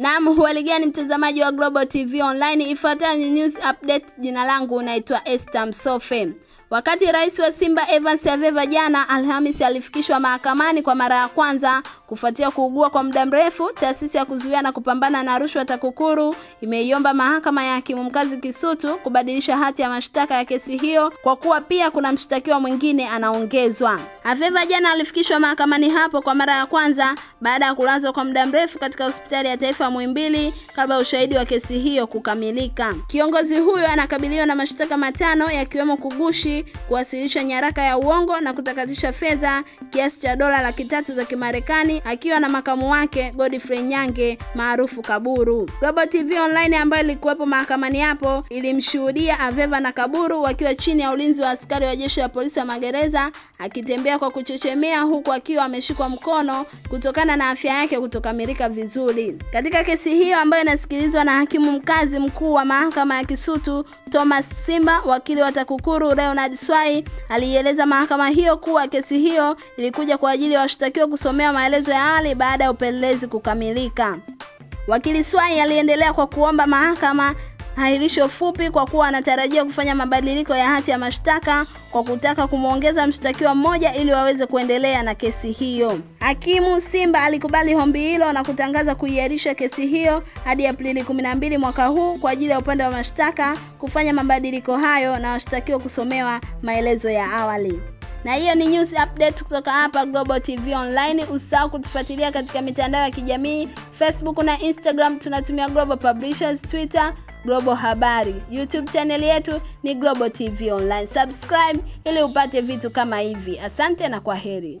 Naam, huhali mtazamaji wa Global TV Online, ifuatayo ni news update. Jina langu unaitwa Esther Msofe. Wakati rais wa Simba Evans Aveva jana Alhamisi alifikishwa mahakamani kwa mara ya kwanza kufuatia kuugua kwa muda mrefu, taasisi ya kuzuia na kupambana na rushwa TAKUKURU imeiomba mahakama ya hakimu mkazi Kisutu kubadilisha hati ya mashtaka ya kesi hiyo kwa kuwa pia kuna mshtakiwa mwingine anaongezwa. Aveva jana alifikishwa mahakamani hapo kwa mara ya kwanza baada ya kulazwa kwa muda mrefu katika hospitali ya taifa ya Muhimbili kabla ushahidi wa kesi hiyo kukamilika. Kiongozi huyo anakabiliwa na mashtaka matano yakiwemo kugushi kuwasilisha nyaraka ya uongo na kutakatisha fedha kiasi cha dola laki tatu za Kimarekani akiwa na makamu wake Godfrey Nyange maarufu Kaburu. Global TV Online ambayo ilikuwepo mahakamani hapo ilimshuhudia Aveva na Kaburu wakiwa chini ya ulinzi wa askari wa jeshi la polisi ya magereza akitembea kwa kuchechemea huku akiwa ameshikwa mkono kutokana na afya yake kutokamilika vizuri. Katika kesi hiyo ambayo inasikilizwa na hakimu mkazi mkuu wa mahakama ya Kisutu Thomas Simba, wakili wa TAKUKURU Leonard Muhammad Swai aliieleza mahakama hiyo kuwa kesi hiyo ilikuja kwa ajili ya washtakiwa kusomewa maelezo ya awali baada ya upelelezi kukamilika. Wakili Swai aliendelea kwa kuomba mahakama Ahirisho fupi kwa kuwa anatarajia kufanya mabadiliko ya hati ya mashtaka kwa kutaka kumwongeza mshtakiwa mmoja ili waweze kuendelea na kesi hiyo. Hakimu Simba alikubali ombi hilo na kutangaza kuiahirisha kesi hiyo hadi Aprili 12 mwaka huu kwa ajili ya upande wa mashtaka kufanya mabadiliko hayo na washtakiwa kusomewa maelezo ya awali. Na hiyo ni news update kutoka hapa Global TV Online. Usisahau kutufuatilia katika mitandao ya kijamii Facebook na Instagram, tunatumia Global Publishers, Twitter Global Habari. YouTube chaneli yetu ni Global TV Online. Subscribe ili upate vitu kama hivi. Asante na kwa heri.